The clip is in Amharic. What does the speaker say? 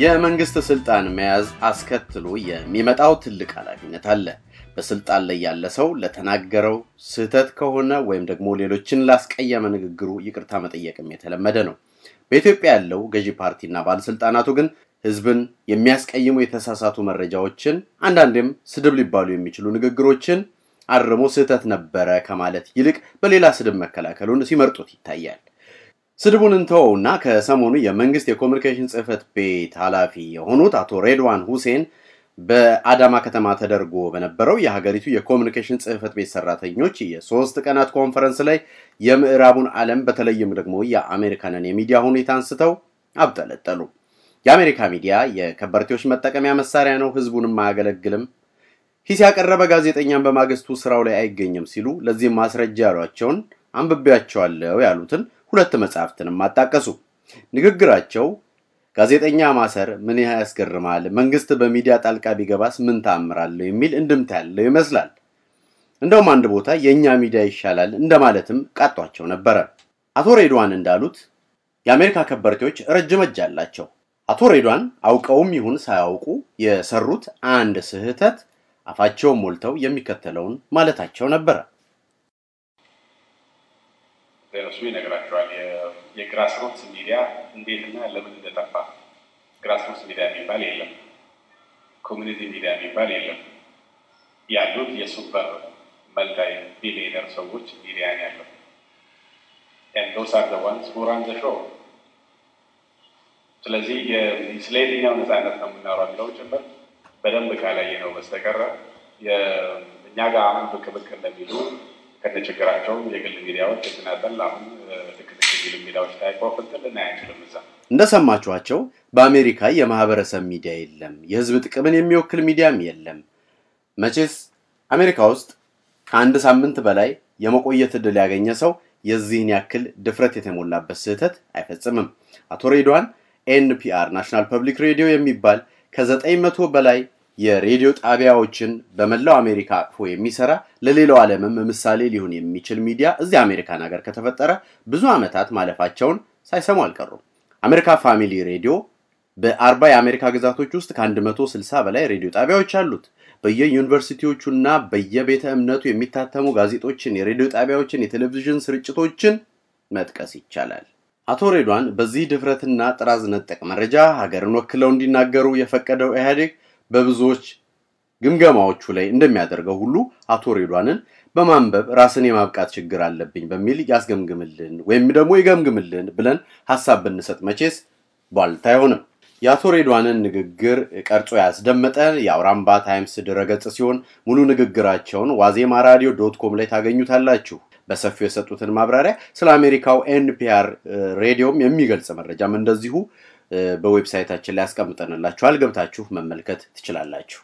የመንግስት ስልጣን መያዝ አስከትሎ የሚመጣው ትልቅ ኃላፊነት አለ። በስልጣን ላይ ያለ ሰው ለተናገረው ስህተት ከሆነ ወይም ደግሞ ሌሎችን ላስቀየመ ንግግሩ ይቅርታ መጠየቅም የተለመደ ነው። በኢትዮጵያ ያለው ገዢ ፓርቲና ባለስልጣናቱ ግን ህዝብን የሚያስቀይሙ የተሳሳቱ መረጃዎችን፣ አንዳንዴም ስድብ ሊባሉ የሚችሉ ንግግሮችን አርሞ ስህተት ነበረ ከማለት ይልቅ በሌላ ስድብ መከላከሉን ሲመርጡት ይታያል። ስድቡን እና ከሰሞኑ የመንግስት የኮሚኒኬሽን ጽህፈት ቤት ኃላፊ የሆኑት አቶ ሬድዋን ሁሴን በአዳማ ከተማ ተደርጎ በነበረው የሀገሪቱ የኮሚኒኬሽን ጽህፈት ቤት ሰራተኞች የሶስት ቀናት ኮንፈረንስ ላይ የምዕራቡን ዓለም በተለይም ደግሞ የአሜሪካንን የሚዲያ ሁኔታ አንስተው አብጠለጠሉ። የአሜሪካ ሚዲያ የከበርቴዎች መጠቀሚያ መሳሪያ ነው፣ ህዝቡንም አያገለግልም፣ ሂስ ያቀረበ ጋዜጠኛን በማግስቱ ስራው ላይ አይገኝም ሲሉ ለዚህም ማስረጃ ያሏቸውን አንብቤያቸዋለሁ ያሉትን ሁለት መጽሐፍትንም አጣቀሱ። ንግግራቸው ጋዜጠኛ ማሰር ምን ያስገርማል፣ መንግስት በሚዲያ ጣልቃ ቢገባስ ምን ታምራለሁ የሚል እንድምታ ያለው ይመስላል። እንደውም አንድ ቦታ የእኛ ሚዲያ ይሻላል እንደማለትም ቃጧቸው ነበረ። አቶ ሬድዋን እንዳሉት የአሜሪካ ከበርቴዎች ረጅም እጅ አላቸው። አቶ ሬድዋን አውቀውም ይሁን ሳያውቁ የሰሩት አንድ ስህተት አፋቸውን ሞልተው የሚከተለውን ማለታቸው ነበረ። እሱ ይነግራቸዋል። የግራስሮትስ ሚዲያ እንዴትና ለምን እንደጠፋ። ግራስሮትስ ሚዲያ የሚባል የለም፣ ኮሚኒቲ ሚዲያ የሚባል የለም። ያሉት የሱፐር መልታይ ቢሊየነር ሰዎች ሚዲያን ያለው ዶስ አር ዋንስ ስለዚህ ስለ የትኛው ነፃነት ነው የምናወራው የሚለው ጭምር በደንብ ካላየ ነው በስተቀረ እኛ ጋር አሁን ብቅ ብቅ እንደሚሉ ከነችግራቸው የግል ሚዲያዎች የተናጠል አሁን ልክ ሚዲያዎች ታይቆ ፍንትል ልናይ አይችልም እዛ እንደሰማችኋቸው በአሜሪካ የማህበረሰብ ሚዲያ የለም፣ የህዝብ ጥቅምን የሚወክል ሚዲያም የለም። መቼስ አሜሪካ ውስጥ ከአንድ ሳምንት በላይ የመቆየት ዕድል ያገኘ ሰው የዚህን ያክል ድፍረት የተሞላበት ስህተት አይፈጽምም። አቶ ሬድዋን ኤንፒአር ናሽናል ፐብሊክ ሬዲዮ የሚባል ከዘጠኝ መቶ በላይ የሬዲዮ ጣቢያዎችን በመላው አሜሪካ አቅፎ የሚሰራ ለሌላው ዓለምም ምሳሌ ሊሆን የሚችል ሚዲያ እዚህ አሜሪካን ሀገር ከተፈጠረ ብዙ ዓመታት ማለፋቸውን ሳይሰሙ አልቀሩም። አሜሪካ ፋሚሊ ሬዲዮ በአርባ የአሜሪካ ግዛቶች ውስጥ ከ160 በላይ ሬዲዮ ጣቢያዎች አሉት። በየዩኒቨርሲቲዎቹና በየቤተ እምነቱ የሚታተሙ ጋዜጦችን፣ የሬዲዮ ጣቢያዎችን፣ የቴሌቪዥን ስርጭቶችን መጥቀስ ይቻላል። አቶ ሬድዋን በዚህ ድፍረትና ጥራዝ ነጠቅ መረጃ ሀገርን ወክለው እንዲናገሩ የፈቀደው ኢህአዴግ በብዙዎች ግምገማዎቹ ላይ እንደሚያደርገው ሁሉ አቶ ሬዷንን በማንበብ ራስን የማብቃት ችግር አለብኝ በሚል ያስገምግምልን ወይም ደግሞ ይገምግምልን ብለን ሀሳብ ብንሰጥ መቼስ ባልታ አይሆንም። የአቶ ሬድዋንን ንግግር ቀርጾ ያስደመጠ የአውራምባ ታይምስ ድረገጽ ሲሆን ሙሉ ንግግራቸውን ዋዜማ ራዲዮ ዶት ኮም ላይ ታገኙታላችሁ። በሰፊው የሰጡትን ማብራሪያ ስለ አሜሪካው ኤንፒአር ሬዲዮም የሚገልጽ መረጃም እንደዚሁ በዌብሳይታችን ላይ አስቀምጠንላችኋል። ገብታችሁ መመልከት ትችላላችሁ።